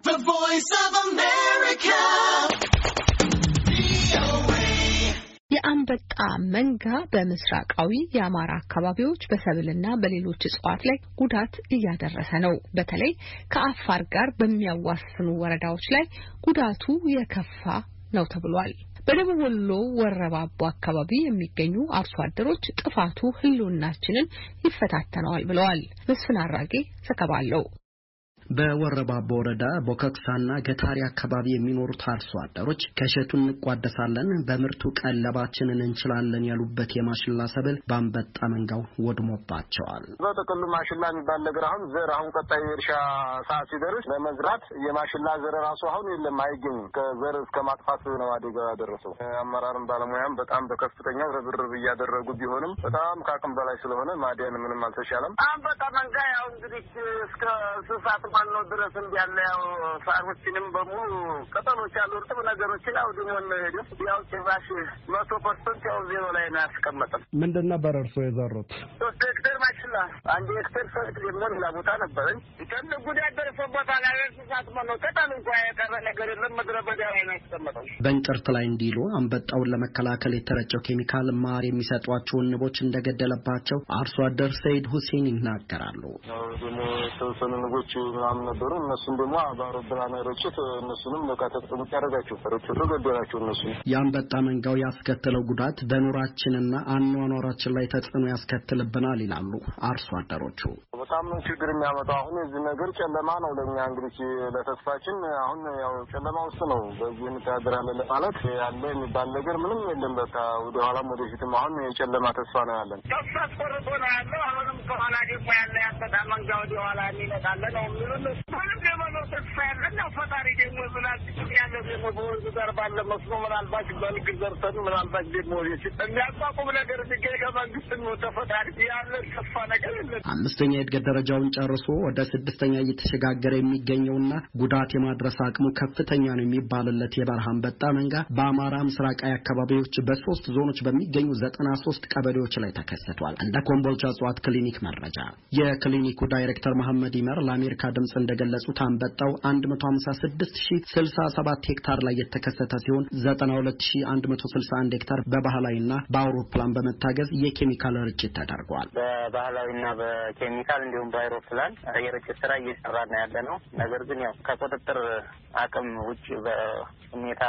The Voice of America. የአንበጣ መንጋ በምስራቃዊ የአማራ አካባቢዎች በሰብልና በሌሎች እጽዋት ላይ ጉዳት እያደረሰ ነው። በተለይ ከአፋር ጋር በሚያዋስኑ ወረዳዎች ላይ ጉዳቱ የከፋ ነው ተብሏል። በደቡብ ወሎ ወረባቦ አካባቢ የሚገኙ አርሶ አደሮች ጥፋቱ ሕልውናችንን ይፈታተነዋል ብለዋል። መስፍን አራጌ ዘገባ አለው። በወረባቦ ወረዳ ቦከክሳና ገታሪ አካባቢ የሚኖሩት አርሶ አደሮች ከእሸቱ እንቋደሳለን፣ በምርቱ ቀለባችንን እንችላለን ያሉበት የማሽላ ሰብል በአንበጣ መንጋው ወድሞባቸዋል። በጥቅሉ ማሽላ የሚባል ነገር አሁን ዘር አሁን ቀጣይ የእርሻ ሰዓት ሲደርስ ለመዝራት የማሽላ ዘር ራሱ አሁን የለም፣ አይገኝም። ከዘር እስከ ማጥፋት ነው አደጋ ያደረሰው። አመራርም ባለሙያም በጣም በከፍተኛ ርብርብ እያደረጉ ቢሆንም በጣም ከአቅም በላይ ስለሆነ ማዲያን ምንም አልተሻለም። አንበጣ መንጋ ያው እንግዲህ እስከ ስሳት እስካልዋልነው ድረስ እንዲያለ ያው ሳሮችንም በሙሉ ቅጠሎች ያሉ እርጥብ ነገሮችን አውድሞን ሄዱ። ያው ጭራሽ መቶ ፐርሰንት ያው ዜሮ ላይ ነው ያስቀመጠም። ምንድን ነበር እርሶ የዘሩት? ሶስት ሄክተር ማሽላ አንድ ሄክተር ሰት ደግሞ ሌላ ቦታ ነበረኝ። ትልቅ ጉዳት ደርሶቦታ ላይ እንስሳት መኖ ቅጠል እንኳ የቀረ ነገር የለም። ምድረ በዳ ላይ ነው ያስቀመጠው። በእንቅርት ላይ እንዲሉ አንበጣውን ለመከላከል የተረጨው ኬሚካል ማር የሚሰጧቸውን ንቦች እንደገደለባቸው አርሶ አደር ሰይድ ሁሴን ይናገራሉ። ደግሞ የተወሰኑ ንቦች ምናምን ነበሩ። እነሱም ደግሞ አባሮ ብራና ርጭት እነሱንም በቃ ተጠቅሙጭ ያደረጋቸው ርጭቱ ገደላቸው። እነሱ የአንበጣ መንጋው ያስከተለው ጉዳት በኑራችንና አኗኗራችን ላይ ተጽዕኖ ያስከትልብናል ይላሉ አርሶ አደሮቹ። በጣም ችግር የሚያመጣው አሁን የዚህ ነገር ጨለማ ነው ለእኛ እንግዲህ ለተስፋችን አሁን ያው ጨለማ ውስጥ ነው። በዚህ እንተዳደራለን ለማለት ያለ የሚባል ነገር ምንም የለም። በቃ ወደኋላም ወደፊትም አሁን የጨለማ ተስፋ ነው ያለን። ተስፋ አስቆርጦ ነው ያለው። አሁንም ከኋላ ደግሞ ያለ ያበጣ መንጋ ወደኋላ የሚመጣለ ነው የሚሉ on the ዘር ባለ መስኖ ምናልባት በንግድ ዘርተን ምናልባት ደግሞ የሚያቋቁም ነገር የሚገኝ ከመንግስት ተፈታሪ ያለ ሰፋ ነገር የለም። አምስተኛ የእድገት ደረጃውን ጨርሶ ወደ ስድስተኛ እየተሸጋገረ የሚገኘውና ጉዳት የማድረስ አቅሙ ከፍተኛ ነው የሚባልለት የበረሃ አንበጣ መንጋ በአማራ ምስራቃዊ አካባቢዎች በሶስት ዞኖች በሚገኙ ዘጠና ሶስት ቀበሌዎች ላይ ተከስቷል። እንደ ኮምቦልቻ እጽዋት ክሊኒክ መረጃ የክሊኒኩ ዳይሬክተር መሐመድ ይመር ለአሜሪካ ድምፅ እንደገለጹት አንበጣው አንድ መቶ ስድስት ስልሳ ሰባት ሄክታር ላይ የተ የተከሰተ ሲሆን 92161 ሄክታር በባህላዊና በአውሮፕላን በመታገዝ የኬሚካል ርጭት ተደርጓል። በባህላዊና በኬሚካል እንዲሁም በአውሮፕላን የርጭት ስራ እየሰራን ያለ ነው። ነገር ግን ያው ከቁጥጥር አቅም ውጭ በሁኔታ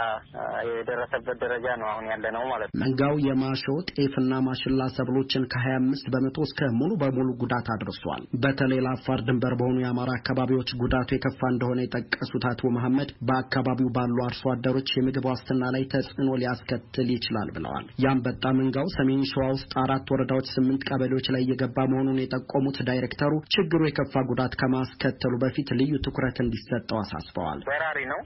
የደረሰበት ደረጃ ነው አሁን ያለ ነው ማለት ነው። መንጋው የማሾ ጤፍና ማሽላ ሰብሎችን ከሀያ አምስት በመቶ እስከ ሙሉ በሙሉ ጉዳት አድርሷል። በተለይ ለአፋር ድንበር በሆኑ የአማራ አካባቢዎች ጉዳቱ የከፋ እንደሆነ የጠቀሱት አቶ መሐመድ በአካባቢው ባሉ አርሶ አደሮች ነዋሪዎች የምግብ ዋስትና ላይ ተጽዕኖ ሊያስከትል ይችላል ብለዋል። የአንበጣ መንጋው ሰሜን ሸዋ ውስጥ አራት ወረዳዎች ስምንት ቀበሌዎች ላይ እየገባ መሆኑን የጠቆሙት ዳይሬክተሩ ችግሩ የከፋ ጉዳት ከማስከተሉ በፊት ልዩ ትኩረት እንዲሰጠው አሳስበዋል። በራሪ ነው።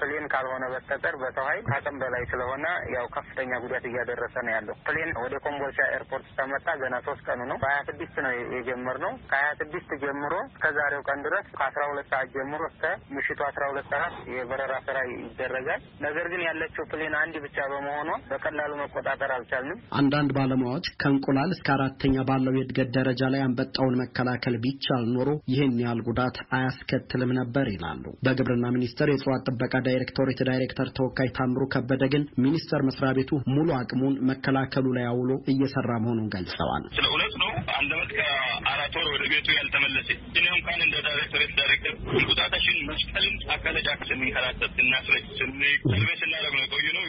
ፕሌን ካልሆነ በስተቀር በሰው ኃይል ከአቅም በላይ ስለሆነ ያው ከፍተኛ ጉዳት እያደረሰ ነው ያለው። ፕሌን ወደ ኮምቦልቻ ኤርፖርት ተመጣ ገና ሶስት ቀኑ ነው። በሀያ ስድስት ነው የጀመርነው። ከሀያ ስድስት ጀምሮ እስከ ዛሬው ቀን ድረስ ከአስራ ሁለት ሰዓት ጀምሮ እስከ ምሽቱ አስራ ሁለት ሰዓት የበረራ ስራ ይደረጋል። ነገር ግን ያለችው ፕሌን አንድ ብቻ በመሆኗ በቀላሉ መቆጣጠር አልቻልንም። አንዳንድ ባለሙያዎች ከእንቁላል እስከ አራተኛ ባለው የእድገት ደረጃ ላይ አንበጣውን መከላከል ቢቻል ኖሮ ይህን ያህል ጉዳት አያስከትልም ነበር ይላሉ። በግብርና ሚኒስቴር የእጽዋት ጥበቃ ዳይሬክቶሬት ዳይሬክተር ተወካይ ታምሩ ከበደ ግን ሚኒስቴር መስሪያ ቤቱ ሙሉ አቅሙን መከላከሉ ላይ አውሎ እየሰራ መሆኑን ገልጸዋል። ስለ እውነት ነው። አንድ አመት ከአራት ወር ወደ ቤቱ ያልተመለሰ እኔ እንኳን እንደ ዳይሬክቶሬት ዳይሬክተር እንቁጣጣሽን መስቀልን አካለጃ ስንንከራተት ስንልቤ ነው የቆዩ ነው።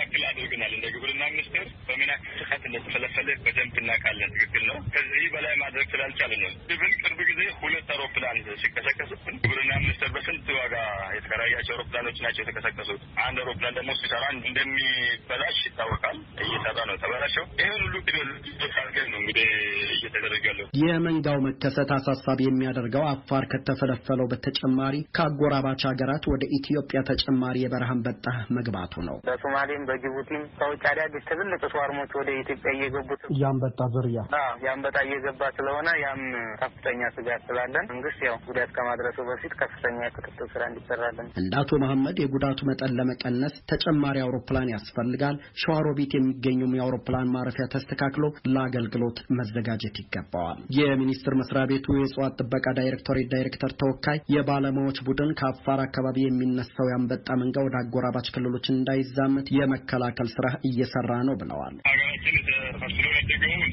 ያክል አድርገናል። እንደ ግብርና ሚኒስቴር በምን ያክል እንደተፈለፈለ በደንብ እናውቃለን። ትክክል ነው። ከዚህ በላይ ማድረግ ስላልቻለ ነው። ቅርብ ጊዜ ሁለት አውሮፕላን ሲከሰከስብን ግብርና ሚኒስቴር በስንት ዋጋ ያላያቸው አውሮፕላኖች ናቸው የተቀሰቀሱት። አንድ አውሮፕላን ደግሞ ሲሰራ እንደሚበላሽ ይታወቃል። እየሰራ ነው ተበላሸው። ይህን ሁሉ ሳርገን ነው እንግዲህ እየተደረገ ያለው። የመንጋው መከሰት አሳሳቢ የሚያደርገው አፋር ከተፈለፈለው በተጨማሪ ከአጎራባች ሀገራት ወደ ኢትዮጵያ ተጨማሪ የበረሃ አንበጣ መግባቱ ነው። በሶማሌም በጅቡቲም ከውጭ አዳዲስ ትልልቅ ስዋርሞች ወደ ኢትዮጵያ እየገቡ የአንበጣ ዝርያ የአንበጣ እየገባ ስለሆነ ያም ከፍተኛ ስጋት ስላለን መንግስት ያው ጉዳት ከማድረሱ በፊት ከፍተኛ የክትትል ስራ እንዲሰራለን እንደ አቶ መሐመድ የጉዳቱ መጠን ለመቀነስ ተጨማሪ አውሮፕላን ያስፈልጋል። ሸዋሮቢት የሚገኙም የአውሮፕላን ማረፊያ ተስተካክሎ ለአገልግሎት መዘጋጀት ይገባዋል። የሚኒስቴር መስሪያ ቤቱ የእጽዋት ጥበቃ ዳይሬክቶሬት ዳይሬክተር ተወካይ የባለሙያዎች ቡድን ከአፋር አካባቢ የሚነሳው የአንበጣ መንጋ ወደ አጎራባች ክልሎች እንዳይዛመት የመከላከል ስራ እየሰራ ነው ብለዋል። ሀገራችን ተፈስሎ ያደገውን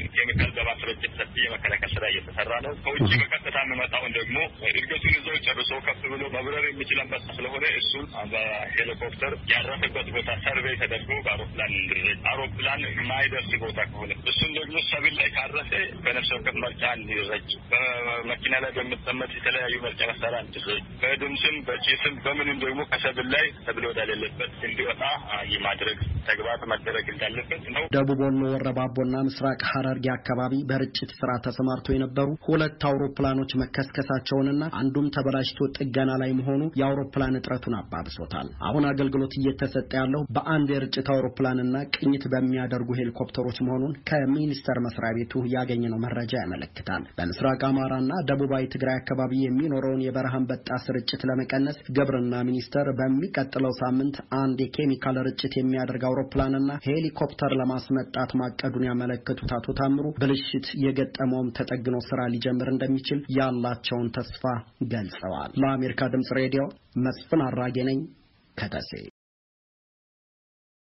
የመከላከል እየተሰራ ነው። ከውጭ በቀጥታ የሚመጣውን ደግሞ እድገቱን ይዞ ጨርሶ ከፍ ብሎ መብረር የሚችል አንበሳ ስለሆነ እሱን በሄሊኮፕተር ያረፈበት ቦታ ሰርቬ ተደርጎ በአውሮፕላን እንድረግ አውሮፕላን የማይደርስ ቦታ ከሆነ እሱን ደግሞ ሰብል ላይ ካረፈ በነፍሰ ወከፍ መርጫ እንዲረጭ፣ በመኪና ላይ በሚጠመጥ የተለያዩ መርጫ መሳሪያ እንዲረጭ፣ በድምስም በጭስም በምንም ደግሞ ከሰብል ላይ ሰብል ወዳሌለበት እንዲወጣ የማድረግ ተግባር መደረግ እንዳለበት ነው። ደቡብ ወሎ ወረባቦና ምስራቅ ሀረርጌ አካባቢ በርጭት ስራ ተሰማርቶ የነበሩ ሁለት አውሮፕላኖች መከስከሳቸውንና አንዱም ተበላሽቶ ጥገና ላይ መሆኑ የአውሮፕላን እጥረቱን አባብሶታል። አሁን አገልግሎት እየተሰጠ ያለው በአንድ የርጭት አውሮፕላንና ቅኝት በሚያደርጉ ሄሊኮፕተሮች መሆኑን ከሚኒስቴር መስሪያ ቤቱ ያገኘነው መረጃ ያመለክታል። በምስራቅ አማራና ደቡባዊ ትግራይ አካባቢ የሚኖረውን የበረሃ አንበጣ ስርጭት ለመቀነስ ግብርና ሚኒስቴር በሚቀጥለው ሳምንት አንድ የኬሚካል ርጭት የሚያደርግ አውሮፕላንና ሄሊኮፕተር ለማስመጣት ማቀዱን ያመለከቱት አቶ ታምሩ ብልሽት የገጠመውም ተጠግኖ ስራ ሊጀምር እንደሚችል ያላቸውን ተስፋ ገልጸዋል። ለአሜሪካ ድምጽ ሬዲዮ መስፍን አራጌ ነኝ ከደሴ